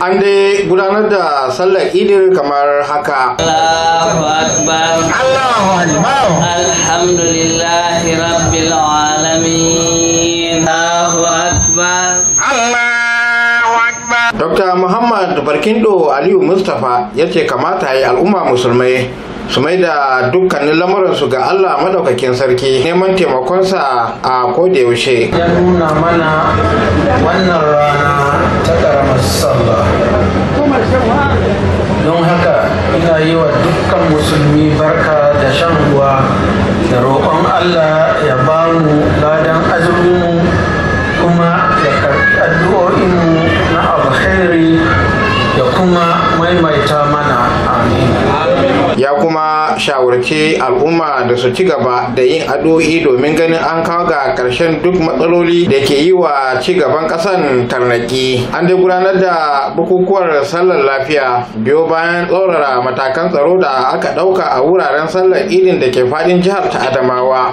an dai gudanar da sallar idil kamar haka Allahu akbar Dr. Muhammad Barkindo Aliyu Mustapha yace ce kamata yi al'umma musulmai su mai da dukkanin lamuransu ga Allah madaukakin sarki neman taimakonsa a kodayaushe yaushe ya nuna mana wannan rana ta karamar sallah dukkan musulmi barka da shan ruwa da roƙon allah ya ba mu ladan azuminmu kuma ya karɓi addu'o'inmu na abu ya kuma maimaita mana amin ya kuma shawarci al'umma da su ci gaba da yin addu'o'i domin ganin an kawo ga ƙarshen duk matsaloli da ke yi wa ci gaban ƙasan tarnaki an dai gudanar da bukukuwar sallar lafiya biyo bayan tsorara matakan tsaro da aka ɗauka a wuraren sallar idin da ke faɗin jihar ta adamawa